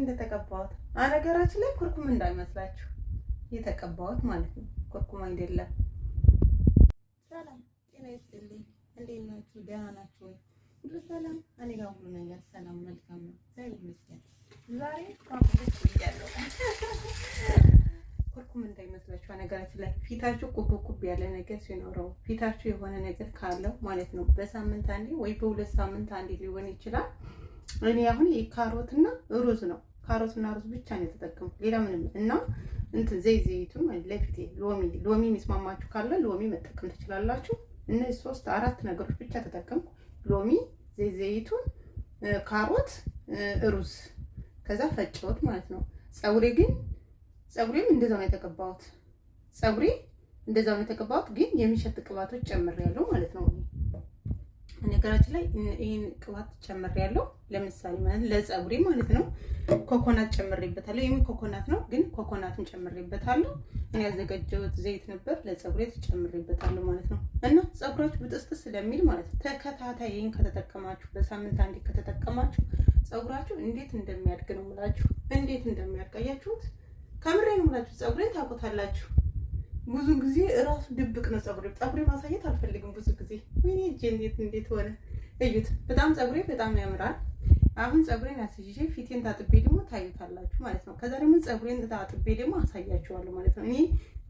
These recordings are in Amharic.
እንደተቀባሁት አነገራችን ላይ ኩርኩም እንዳይመስላችሁ የተቀባሁት ማለት ነው። ኩርኩም አይደለም። ሰላም ጤና ይስጥልኝ። እንዴት ናችሁ? ደህና ናችሁ ወይ? ሁሉ ሰላም? እኔ ጋር ሁሉ ነገር ሰላም መልካም ነው። ዛሬ ይመስገን። ዛሬ ኮምፕሊት ይያለው ኩርኩም እንዳይመስላችሁ። አነገራችን ላይ ፊታችሁ ኩብኩብ ያለ ነገር ሲኖረው ፊታችሁ የሆነ ነገር ካለው ማለት ነው በሳምንት አንዴ ወይ በሁለት ሳምንት አንዴ ሊሆን ይችላል። እኔ አሁን የካሮትና ሩዝ ነው ካሮትና ሩዝ ብቻ ነው የተጠቀሙ ሌላ ምንም እና እንትን ዘይ ዘይቱን ለፊቴ ሎሚ ሎሚ የሚስማማችሁ ካለ ሎሚ መጠቀም ትችላላችሁ። እነዚህ ሶስት አራት ነገሮች ብቻ ተጠቀምኩ። ሎሚ፣ ዘይ ዘይቱን፣ ካሮት፣ ሩዝ ከዛ ፈጨሁት ማለት ነው። ፀጉሬ ግን ፀጉሬም እንደዛ ነው የተቀባሁት። ፀጉሬ እንደዛ ነው የተቀባሁት፣ ግን የሚሸት ቅባቶች ጨምሬያለሁ ማለት ነው። ነገራችን ላይ ይህን ቅባት ጨምሬያለሁ። ለምሳሌ ማለት ለፀጉሬ ማለት ነው። ኮኮናት ጨምሬበታለሁ። ይህም ኮኮናት ነው፣ ግን ኮኮናትም ጨምሬበታለሁ። እኔ ያዘጋጀሁት ዘይት ነበር፣ ለፀጉሬ ተጨምሬበታለሁ ማለት ነው። እና ፀጉራችሁ ብጥስጥስ ስለሚል ማለት ነው ተከታታይ ይህን ከተጠቀማችሁ፣ በሳምንት አንዴ ከተጠቀማችሁ ፀጉራችሁ እንዴት እንደሚያድግ ነው የምላችሁ። እንዴት እንደሚያድግ አያችሁት? ከምሬ ነው የምላችሁ። ፀጉሬን ታውቁታላችሁ። ብዙ ጊዜ እራሱ ድብቅ ነው ፀጉሬ። ፀጉሬ ማሳየት አልፈልግም ብዙ ጊዜ። ወይኔ እጄ እንዴት እንዴት ሆነ እዩት። በጣም ፀጉሬ በጣም ያምራል። አሁን ፀጉሬን አስይዤ ፊቴን ታጥቤ ደግሞ ታዩታላችሁ ማለት ነው። ከዛ ደግሞ ፀጉሬን ታጥቤ ደግሞ አሳያችኋለሁ ማለት ነው። እኔ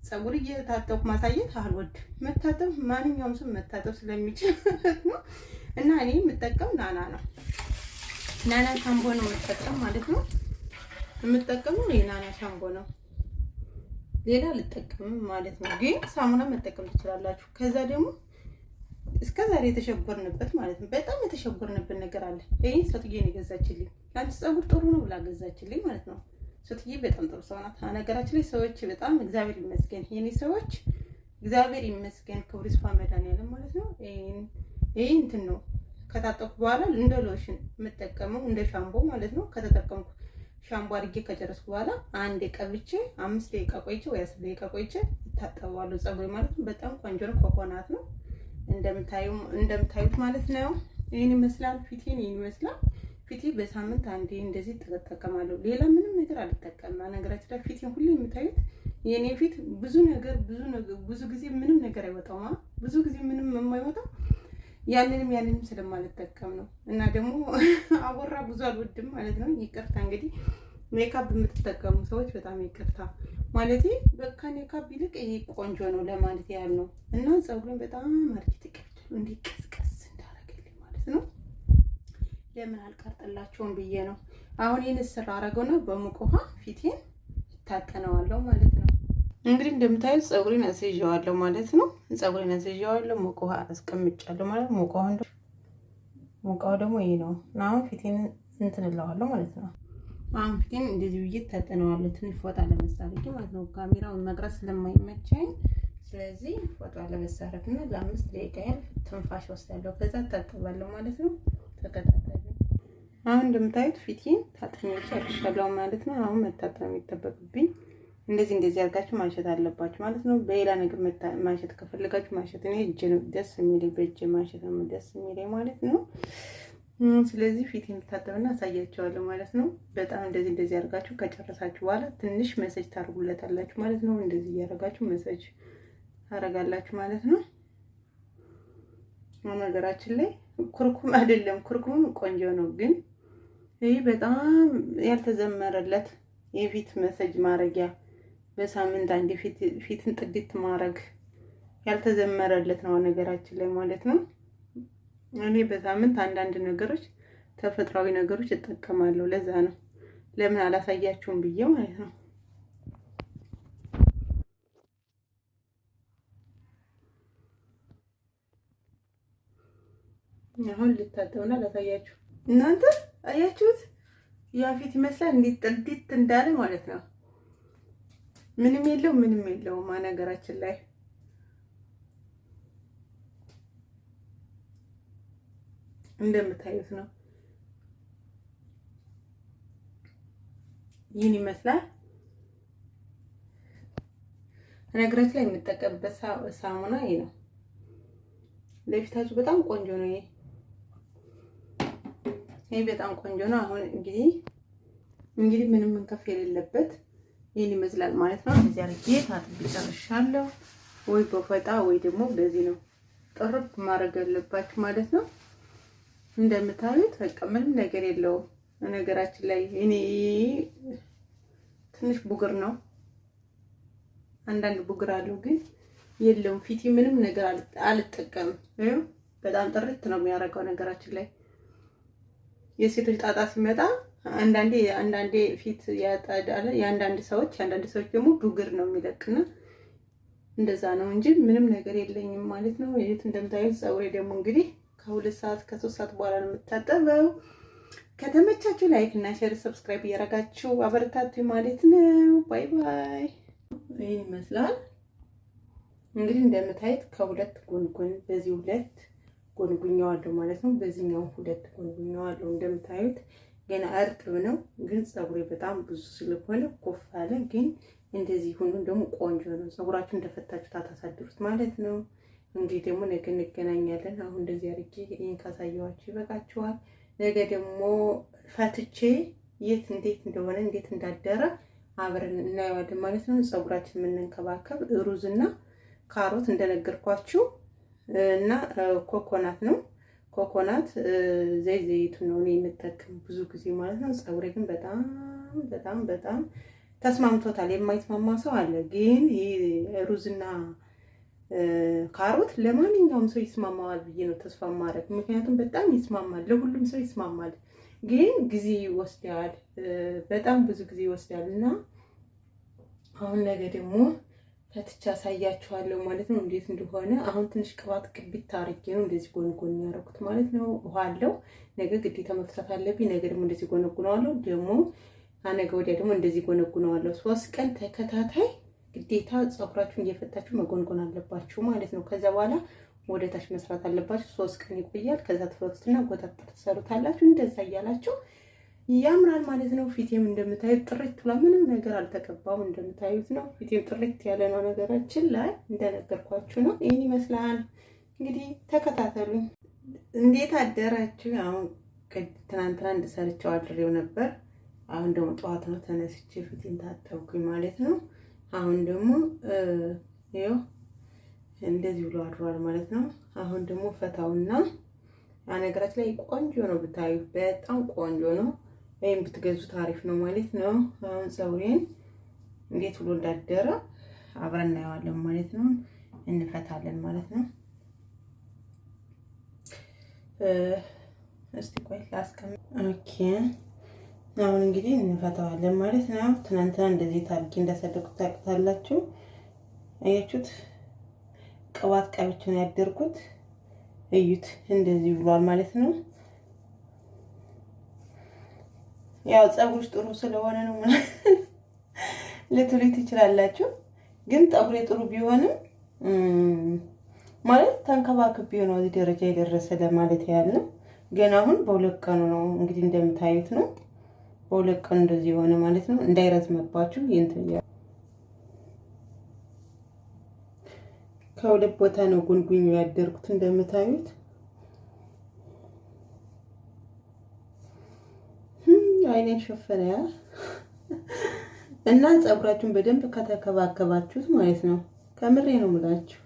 ፀጉር እየታጠብኩ ማሳየት አልወድም። መታጠብ ማንኛውም ሰው መታጠብ ስለሚችል ነው እና እኔ የምጠቀም ናና ነው። ናና ሻምቦ ነው የምጠቀም ማለት ነው። የምጠቀመው የናና ሻምቦ ነው። ሌላ ልጠቀምም ማለት ነው። ግን ሳሙና መጠቀም ትችላላችሁ። ከዛ ደግሞ እስከ ዛሬ የተሸጎርንበት ማለት ነው። በጣም የተሸጎርንበት ነገር አለ። ይህ ሰትዬ ነው የገዛችልኝ። ለአንቺ ፀጉር ጥሩ ነው ብላ ገዛችልኝ ማለት ነው። ሰትዬ በጣም ጥሩ ሰው ናት። ነገራችን ላይ ሰዎች በጣም እግዚአብሔር ይመስገን፣ የኔ ሰዎች እግዚአብሔር ይመስገን፣ ክብሩ ይስፋ መድኃኒዓለም ማለት ነው። ይህ እንትን ነው ከታጠቁ በኋላ እንደ ሎሽን የምጠቀመው እንደ ሻምቦ ማለት ነው ከተጠቀምኩ ሻምቦ አድርጌ ከጨረስኩ በኋላ አንድ ቀብቼ አምስት ደቂቃ ቆይቼ ወይ አስር ደቂቃ ቆይቼ ይታጠባሉ ፀጉሬ ማለት ነው። በጣም ቆንጆ ነው። ኮኮናት ነው እንደምታዩት ማለት ነው። ይህን ይመስላል ፊቴን፣ ይህን ይመስላል ፊቴ። በሳምንት አንዴ እንደዚህ እጠቀማለሁ። ሌላ ምንም ነገር አልጠቀምም። ነገራችን ላይ ፊቴን ሁሉ የምታዩት የኔ ፊት ብዙ ነገር ብዙ ነገር ብዙ ጊዜ ምንም ነገር አይወጣውም። ብዙ ጊዜ ምንም የማይወጣው ያንንም ያንንም ስለማልጠቀም ነው። እና ደግሞ አወራ ብዙ አልወድም ማለት ነው። ይቅርታ እንግዲህ ሜካፕ የምትጠቀሙ ሰዎች በጣም ይቅርታ ማለት በቃ ሜካፕ ይልቅ ይሄ ቆንጆ ነው ለማለት ያህል ነው። እና ፀጉርን በጣም አርጊት ቅርድ እንዲቀስቀስ እንዳረገልኝ ማለት ነው። ለምን አልቀርጥላቸውም ብዬ ነው። አሁን ይህን ስራ አረገው ነው በሙቅ ውሃ ፊቴን ይታጠነዋለው ማለት ነው። እንግዲህ እንደምታዩት ፀጉሬን አስይዤዋለሁ ማለት ነው። ፀጉሬን አስይዤዋለሁ፣ ሞቅ ውሃ አስቀምጫለሁ ማለት ሞቅ ውሃ እንደ ሞቃው ደግሞ ይሄ ነው። አሁን ፊቴን እንትን ማለት ነው። አሁን ፊቴን እንደዚህ ብዬ ታጠነዋለሁ። ትንሽ ፎጣ ለመሳረግ ማለት ነው። ካሜራውን መቅረጽ ስለማይመቸኝ ስለዚህ ፎጣ ለመሳረግ እና ለአምስት ደቂቃ ያህል ትንፋሽ ወስዳለሁ። ከዛ ታጠባለሁ ማለት ነው። ተከታተሉ። አሁን እንደምታዩት ፊቴን ታጥኜ ጨርሻለሁ ማለት ነው። አሁን መታጠብ የሚጠበቅብኝ እንደዚህ እንደዚህ አድርጋችሁ ማሸት አለባችሁ ማለት ነው። በሌላ ነገር ማሸት ከፈለጋችሁ ማሸት እኔ እጅ ነው ደስ የሚለኝ፣ በእጅ ማሸት ነው ደስ የሚለኝ ማለት ነው። ስለዚህ ፊት የሚታጠብና አሳያቸዋለሁ ማለት ነው። በጣም እንደዚህ እንደዚህ አድርጋችሁ ከጨረሳችሁ በኋላ ትንሽ መሰጅ ታደርጉለታላችሁ ማለት ነው። እንደዚህ እያደረጋችሁ መሰጅ ታደርጋላችሁ ማለት ነው። ነገራችን ላይ ኩርኩም አይደለም፣ ኩርኩም ቆንጆ ነው፣ ግን ይህ በጣም ያልተዘመረለት የፊት መሰጅ ማድረጊያ በሳምንት አንድ ፊትን ጥድት ማድረግ ያልተዘመረለት ነው ነገራችን ላይ ማለት ነው። እኔ በሳምንት አንዳንድ ነገሮች ተፈጥሯዊ ነገሮች እጠቀማለሁ። ለዛ ነው ለምን አላሳያችሁም ብዬ ማለት ነው። አሁን ልታጠብና ላሳያችሁ እናንተ አያችሁት? ያ ፊት ይመስላል እንዴት ጥድት እንዳለ ማለት ነው። ምንም የለው ምንም የለውም። ማነገራችን ላይ እንደምታዩት ነው። ይህን ይመስላል። ነገራችን ላይ የምጠቀምበት ሳሙና ይሄ ነው። ለፊታችሁ በጣም ቆንጆ ነው። ይሄ ይሄ በጣም ቆንጆ ነው። አሁን እንግዲህ እንግዲህ ምንም መንከፍ የሌለበት ይህን ይመስላል ማለት ነው። እዚህ አድርጌ ታጥቤ ጨርሻለሁ። ወይ በፈጣ ወይ ደግሞ በዚህ ነው ጥርብ ማድረግ ያለባችሁ ማለት ነው። እንደምታዩት በቃ ምንም ነገር የለውም። ነገራችን ላይ እኔ ትንሽ ቡግር ነው አንዳንድ ቡግር አለው ግን የለውም። ፊቴ ምንም ነገር አልጠቀምም። በጣም ጥርት ነው የሚያደርገው ነገራችን ላይ የሴቶች ጣጣ ሲመጣ አንዳንዴ አንዳንዴ ፊት ያጣዳል። የአንዳንድ ሰዎች የአንዳንድ ሰዎች ደግሞ ቡግር ነው የሚለቅና እንደዛ ነው እንጂ ምንም ነገር የለኝም ማለት ነው። የት እንደምታዩት ፀጉሬ ደግሞ እንግዲህ ከሁለት ሰዓት ከሶስት ሰዓት በኋላ ነው የምታጠበው። ከተመቻችሁ ላይክ እና ሼር ሰብስክራይብ እያደረጋችሁ አበረታቱ ማለት ነው። ባይ ባይ። ይህ ይመስላል እንግዲህ እንደምታዩት ከሁለት ጎንጎን በዚህ ሁለት ጎንጉኛዋለሁ ማለት ነው። በዚህኛው ሁለት ጎንጉኛዋለሁ እንደምታዩት ገና እርጥብ ነው፣ ግን ፀጉሬ በጣም ብዙ ስለሆነ ኮፍ አለ። ግን እንደዚህ ሁሉ ደግሞ ቆንጆ ነው። ፀጉራችሁ እንደፈታችሁ ታታሳድሩት ማለት ነው። እንግዲህ ደግሞ ነገ እንገናኛለን። አሁን እንደዚህ አድርጌ ይህን ካሳየኋችሁ ይበቃችኋል። ነገ ደግሞ ፈትቼ የት እንዴት እንደሆነ እንዴት እንዳደረ አብረን እናየዋለን ማለት ነው። ፀጉራችን የምንንከባከብ ሩዝና ካሮት እንደነገርኳችሁ እና ኮኮናት ነው ኮኮናት ዘይት ዘይቱ ነው የምጠቀም ብዙ ጊዜ ማለት ነው። ፀጉሬ ግን በጣም በጣም በጣም ተስማምቶታል። የማይስማማ ሰው አለ፣ ግን ይህ ሩዝና ካሮት ለማንኛውም ሰው ይስማማዋል ብዬ ነው ተስፋ ማድረግ። ምክንያቱም በጣም ይስማማል፣ ለሁሉም ሰው ይስማማል። ግን ጊዜ ይወስዳል፣ በጣም ብዙ ጊዜ ይወስዳል እና አሁን ነገ ደግሞ ፈትቻ አሳያችኋለሁ ማለት ነው እንዴት እንደሆነ። አሁን ትንሽ ቅባት ቅቢት ታርጌ ነው እንደዚህ ጎን ጎን ያደረኩት ማለት ነው። ውሃ አለው ነገ ግዴታ መፍታት አለብኝ። ነገ ደግሞ እንደዚህ ጎነጉነዋለሁ። ደግሞ አነገ ወዲያ ደግሞ እንደዚህ ጎነጉነዋለሁ። ሶስት ቀን ተከታታይ ግዴታ ጸጉራችሁን እየፈታችሁ መጎንጎን አለባችሁ ማለት ነው። ከዛ በኋላ ወደ ታች መስራት አለባችሁ። ሶስት ቀን ይቆያል። ከዛ ትፈቱትና ጎታታ ተሰሩታላችሁ። እንደዛ እያላችሁ ያምራል ማለት ነው። ፊቴም እንደምታዩት ጥርት ብላ ምንም ነገር አልተቀባው እንደምታዩት ነው ፊቴም ጥርት ያለ ነው። ነገራችን ላይ እንደነገርኳችሁ ነው። ይህን ይመስላል እንግዲህ ተከታተሉ። እንዴት አደራችሁ? አሁን ትናንትና እንደሰርቸው አድሬው ነበር። አሁን ደግሞ ጠዋት ነው ተነስቼ ፊቴን ታጠብኩኝ ማለት ነው። አሁን ደግሞ ይኸው እንደዚህ ብሎ አድሯል ማለት ነው። አሁን ደግሞ ፈታውና ነገራችን ላይ ቆንጆ ነው ብታዩ፣ በጣም ቆንጆ ነው። ወይም ብትገዙት አሪፍ ነው ማለት ነው። አሁን ፀጉሬን እንዴት ብሎ እንዳደረ አብረን እናየዋለን ማለት ነው። እንፈታለን ማለት ነው። እስቲ ቆይ ላስቀምጥ። ኦኬ አሁን እንግዲህ እንፈታዋለን ማለት ነው። ትናንትና እንደዚህ ታርጌ እንዳሰደኩት ታውቃላችሁ። አያችሁት? ቅባት ቀብቼ ነው ያደርኩት። እዩት፣ እንደዚህ ብሏል ማለት ነው። ያው ፀጉርሽ ጥሩ ስለሆነ ነው ልትሉ ትችላላችሁ። ግን ፀጉሬ ጥሩ ቢሆንም ማለት ተንከባክቤ ነው እዚህ ደረጃ የደረሰ ለማለት ያህል ነው። ግን አሁን በሁለት ቀኑ ነው እንግዲህ እንደምታዩት ነው። በሁለት ቀኑ እንደዚህ የሆነ ማለት ነው። እንዳይረዝምባችሁ ይንትን ከሁለት ቦታ ነው ጉንጉኝ ያደርጉት እንደምታዩት አይኔን ሸፈነ እና ፀጉራችሁን በደንብ ከተከባከባችሁት ማለት ነው። ከምሬ ነው የምላችሁ።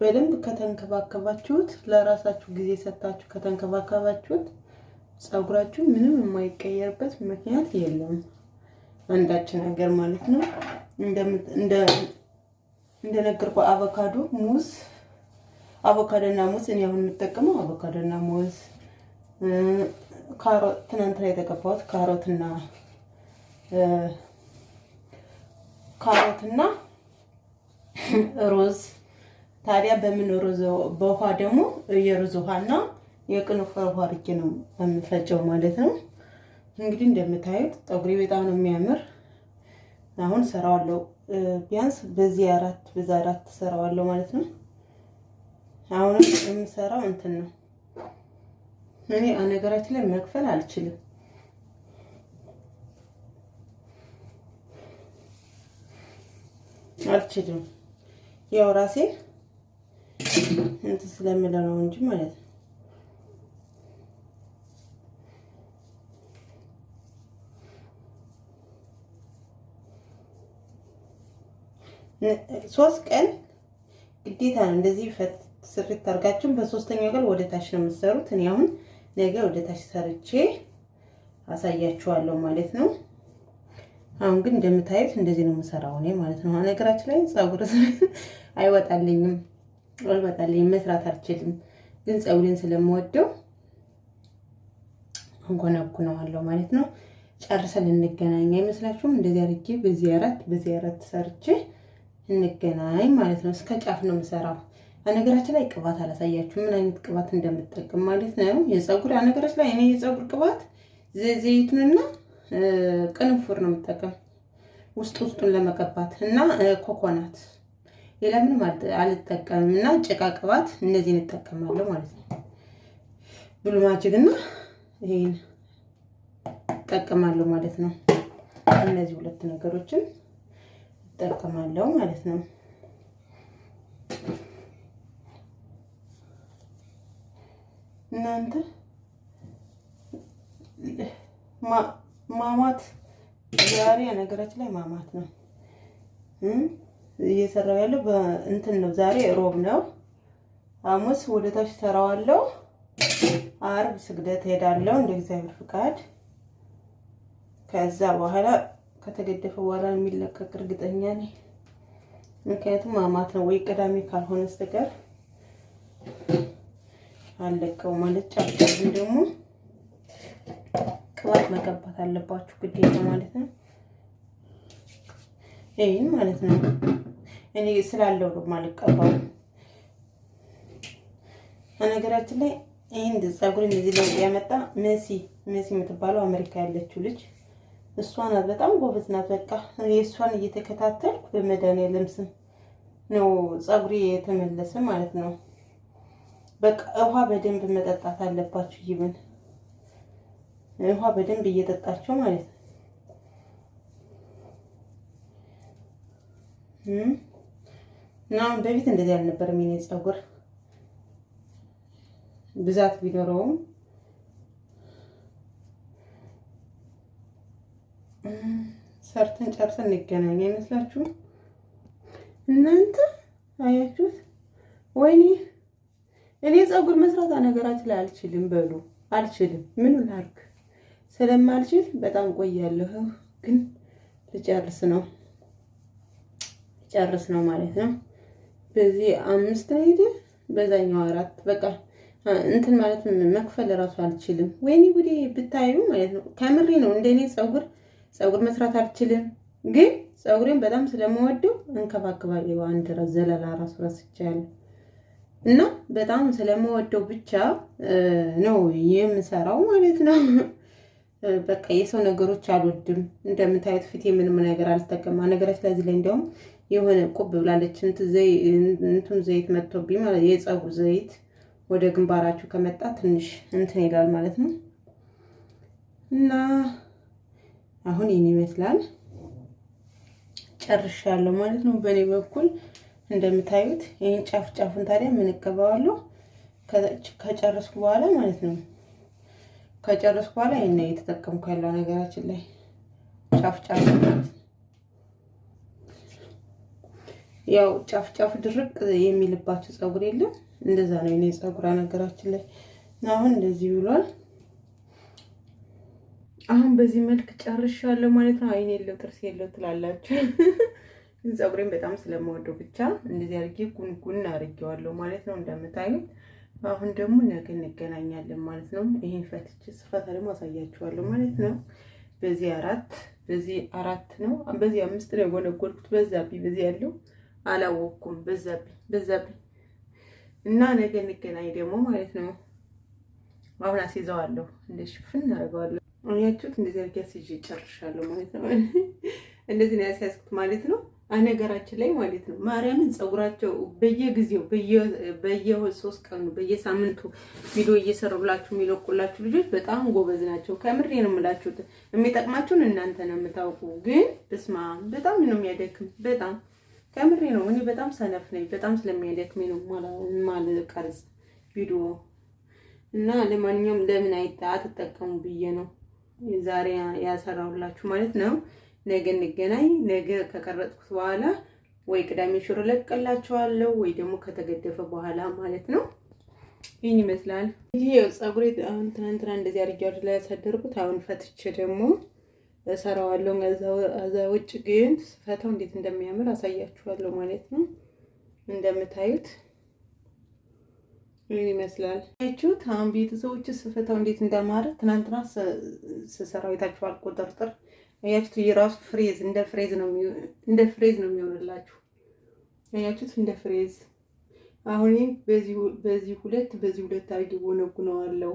በደንብ ከተንከባከባችሁት፣ ለራሳችሁ ጊዜ ሰጥታችሁ ከተንከባከባችሁት ፀጉራችሁ ምንም የማይቀየርበት ምክንያት የለም። አንዳች ነገር ማለት ነው። እንደነገርኩ አቮካዶ፣ ሙዝ፣ አቮካዶና ሙዝ እኔ አሁን የምጠቀመው አቮካዶና ሙዝ ካሮት ትናንትና የተቀባሁት ካሮትና ካሮትና ሮዝ ታዲያ በምን ሩዝ በውሃ ደግሞ የሩዝ ውሃና የቅንፍር ውሃ አድርጌ ነው የምፈጨው ማለት ነው። እንግዲህ እንደምታዩት ጠጉሬ በጣም ነው የሚያምር። አሁን ሰራዋለው ቢያንስ በዚህ አራት በዛ አራት ማለት ነው። አሁንም የምሰራው እንትን ነው እኔ ነገራችን ላይ መክፈል አልችልም። አልችልም ያው ራሴ እንትን ስለምለው ነው እንጂ ማለት ነው። ሶስት ቀን ግዴታ ነው እንደዚህ ስሪት አድርጋችሁ በሶስተኛው ቀን ወደ ታች ነው የምትሰሩት። እኔ አሁን ነገ ወደ ታች ሰርቼ አሳያችኋለሁ ማለት ነው። አሁን ግን እንደምታዩት እንደዚህ ነው የምሰራው እኔ ማለት ነው። ነገራችን ላይ ፀጉር አይወጣልኝም አይወጣልኝም መስራት አልችልም፣ ግን ፀጉሬን ስለምወደው እንጎነጉነዋለሁ ማለት ነው። ጨርሰን እንገናኝ አይመስላችሁም? እንደዚህ አድርጌ በዚህ አራት በዚህ አራት ሰርቼ እንገናኝ ማለት ነው። እስከ ጫፍ ነው የምሰራው። በነገራችን ላይ ቅባት አላሳያችሁ ምን አይነት ቅባት እንደምጠቀም ማለት ነው። የፀጉር አነገራችን ላይ እኔ የፀጉር ቅባት ዘይቱንና ቅንፉር ነው የምጠቀም ውስጥ ውስጡን ለመቀባት እና ኮኮናት፣ ሌላ ምንም አልጠቀምም እና ጭቃ ቅባት እነዚህ እንጠቀማለሁ ማለት ነው። ብሉማጅግ ማጅግ እና ይሄን እጠቀማለሁ ማለት ነው። እነዚህ ሁለት ነገሮችን እጠቀማለሁ ማለት ነው። እናንተ ማማት ዛሬ ነገራችን ላይ ማማት ነው እየሰራው ያለው በእንትን ነው። ዛሬ ሮብ ነው። ሐሙስ ወደ ታች ሰራዋለው። አርብ ስግደት ሄዳለው እንደ እግዚአብሔር ፍቃድ። ከዛ በኋላ ከተገደፈ በኋላ የሚለቀቅ እርግጠኛ ነኝ። ምክንያቱም ማማት ነው ወይ ቅዳሜ ካልሆነ በስተቀር አለቀው ማለት ጫፍጫፉን ደግሞ ቅባት መቀባት አለባችሁ ግዴታ ማለት ነው። ይህን ማለት ነው እኔ ስላለው ነው የማልቀባው። በነገራችን ላይ ይህን ፀጉሬን እዚህ ላይ ያመጣ መሲ መሲ የምትባለው አሜሪካ ያለችው ልጅ እሷ ናት። በጣም ጎበዝ ናት። በቃ የእሷን እየተከታተልኩ በመድኃኒዓለም ስም ነው ፀጉሬ የተመለሰ ማለት ነው። በቃ ውሃ በደንብ መጠጣት አለባችሁ። ይብን ውሃ በደንብ እየጠጣችሁ ማለት ነው። ምናምን በፊት እንደዚህ አልነበረም። የኔ ፀጉር ብዛት ቢኖረውም ሰርተን ጨርሰን እንገናኝ አይመስላችሁም እናንተ? አያችሁት? ወይኔ እኔ ፀጉር መስራት ነገራችን ላይ አልችልም፣ በሉ አልችልም። ምን ላርግ ስለማልችል በጣም ቆያለሁ፣ ግን ልጨርስ ነው ልጨርስ ነው ማለት ነው። በዚህ አምስት ሄድ በዛኛው አራት በቃ እንትን ማለት መክፈል እራሱ አልችልም። ወይኔ ጉዴ ብታዩ ማለት ነው። ከምሬ ነው። እንደኔ ፀጉር ፀጉር መስራት አልችልም፣ ግን ፀጉሬን በጣም ስለመወደው እንከባከባለሁ። አንድ ራስ ዘለላ ራሱ ረስቻለሁ። እና በጣም ስለመወደው ብቻ ነው የምሰራው ማለት ነው። በቃ የሰው ነገሮች አልወድም። እንደምታዩት ፊቴ ምንም ነገር አልጠቀማ ነገራችን ላይ ላይ እንዲያውም የሆነ ቁብ ብላለች እንትን ዘይት መጥቶብኝ ማለት የፀጉር ዘይት ወደ ግንባራችሁ ከመጣ ትንሽ እንትን ይላል ማለት ነው። እና አሁን ይህን ይመስላል ጨርሻለሁ ማለት ነው በእኔ በኩል እንደምታዩት ይህን ጫፍ ጫፉን ታዲያ ምን እቀባዋለሁ ከጨረስኩ በኋላ ማለት ነው። ከጨረስኩ በኋላ ይህን እየተጠቀምኩ ያለው ነገራችን ላይ ጫፍ ጫፍ ያው ጫፍ ጫፍ ድርቅ የሚልባቸው ፀጉር የለም። እንደዛ ነው የኔ ፀጉር ነገራችን ላይ አሁን እንደዚህ ብሏል። አሁን በዚህ መልክ ጨርሻለሁ ማለት ነው። አይን የለው ጥርስ የለው ትላላችሁ። ፀጉሬን በጣም ስለምወደው ብቻ እንደዚህ አድርጌ ጉንጉን አድርጌዋለሁ ማለት ነው እንደምታዩት። አሁን ደግሞ ነገ እንገናኛለን ማለት ነው። ይህን ፈትቼ ስፈታ ደግሞ አሳያችኋለሁ ማለት ነው። በዚህ አራት በዚህ አራት ነው በዚህ አምስት ነው የጎነጎድኩት። በዛብኝ በዚህ ያለው አላወቅኩም። በዛብኝ በዛብኝ እና ነገ እንገናኝ ደግሞ ማለት ነው። አሁን አስይዘዋለሁ እንደ ሽፍን እናደርገዋለሁ። አያችሁት? እንደዚህ አድርጌ አስይዤ ጨርሻለሁ ማለት ነው። እንደዚህ ነው ያስያዝኩት ማለት ነው። አነገራችን ላይ ማለት ነው ማርያምን ፀጉራቸው በየጊዜው በየሶስት ቀኑ በየሳምንቱ ቪዲዮ እየሰሩላችሁ የሚለቁላችሁ ልጆች በጣም ጎበዝ ናቸው። ከምሬ ነው የምላችሁት። የሚጠቅማችሁን እናንተ ነው የምታውቁ። ግን እስማ በጣም ነው የሚያደክም። በጣም ከምሬ ነው። እኔ በጣም ሰነፍ ነኝ። በጣም ስለሚያደክም ነው ማልቀርጽ ቪዲዮ እና ለማንኛውም ለምን አይታ አትጠቀሙ ብዬ ነው ዛሬ ያሰራሁላችሁ ማለት ነው። ነገ እንገናኝ። ነገ ከቀረጥኩት በኋላ ወይ ቅዳሜ ሽሮ ለቀላቸዋለሁ ወይ ደግሞ ከተገደፈ በኋላ ማለት ነው። ይህን ይመስላል። ይህ ፀጉሬ አሁን ትናንትና እንደዚህ አድርጌ ላይ ያሳደርኩት አሁን ፈትቼ ደግሞ እሰራዋለሁ። ከዛ ውጭ ግን ስፈተው እንዴት እንደሚያምር አሳያችኋለሁ ማለት ነው። እንደምታዩት ይህን ይመስላል። አሁን ቤተሰቦች ስፈተው እንዴት እንደማረ ትናንትና ስሰራው የታችኋል ቁጥርጥር አያችሁት? የራሱ ፍሬዝ እንደ ፍሬዝ ነው እንደ ፍሬዝ ነው የሚሆንላችሁ። አያችሁት? እንደ ፍሬዝ አሁን በዚህ በዚህ ሁለት በዚህ ሁለት አድርጌ ጎነጉነዋለሁ።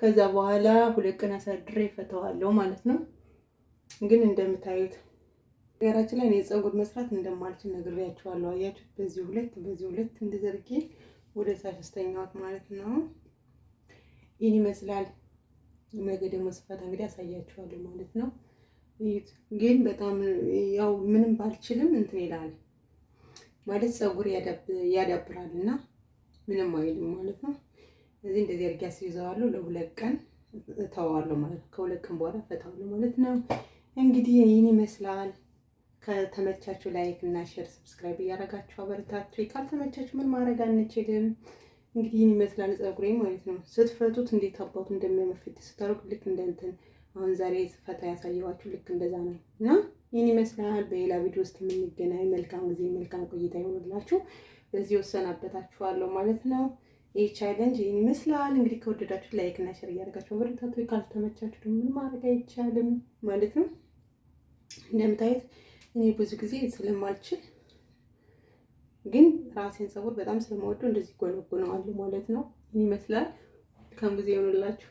ከዛ በኋላ ሁለት ቀን አሳድሬ ፈተዋለሁ ማለት ነው። ግን እንደምታዩት ነገራችን ላይ የፀጉር መስራት እንደማልችል ነግሬያችኋለሁ። አያችሁት? በዚህ ሁለት በዚህ ሁለት እንድዘርጌ ወደ ታች አስተኛሁት ማለት ነው። ይህን ይመስላል። ነገ ደግሞ ስፋት እንግዲህ አሳያችኋለሁ ማለት ነው። ግን በጣም ያው ምንም ባልችልም እንትን ይላል ማለት ፀጉር ያዳብራል እና ምንም አይልም ማለት ነው። እዚህ እንደዚህ አድርጌ አስይዘዋለሁ። ለሁለት ቀን እተዋዋለሁ ማለት ነው። ከሁለት ቀን በኋላ ፈታዋለሁ ማለት ነው። እንግዲህ ይህን ይመስላል። ከተመቻችሁ ላይክ እና ሼር፣ ሰብስክራይብ እያደረጋችሁ አበረታችሁ። ካልተመቻችሁ ምን ማድረግ አንችልም። እንግዲህ ይህን ይመስላል ፀጉሬ ማለት ነው። ስትፈቱት እንዴት አባቱ እንደሚያመፍት ስታደርጉ ልክ እንደ እንትን አሁን ዛሬ ፈታ ያሳየኋችሁ ልክ እንደዛ ነው እና ይህን ይመስላል። በሌላ ቪዲዮ ውስጥ የምንገናኝ መልካም ጊዜ መልካም ቆይታ ይሆንላችሁ። በዚህ ወሰናበታችኋለሁ ማለት ነው። ይህ ቻለንጅ ይህን ይመስላል። እንግዲህ ከወደዳችሁ ላይክ እና ሸር እያደረጋችሁ በርታቱ። ካልተመቻችሁ ደግሞ ምን ማድረግ አይቻልም ማለት ነው። እንደምታየት እኔ ብዙ ጊዜ ስለማልችል ግን ራሴን ፀጉር በጣም ስለማወደው እንደዚህ ጎነጎነዋለሁ ማለት ነው። ይህን ይመስላል። መልካም ጊዜ ይሆንላችሁ።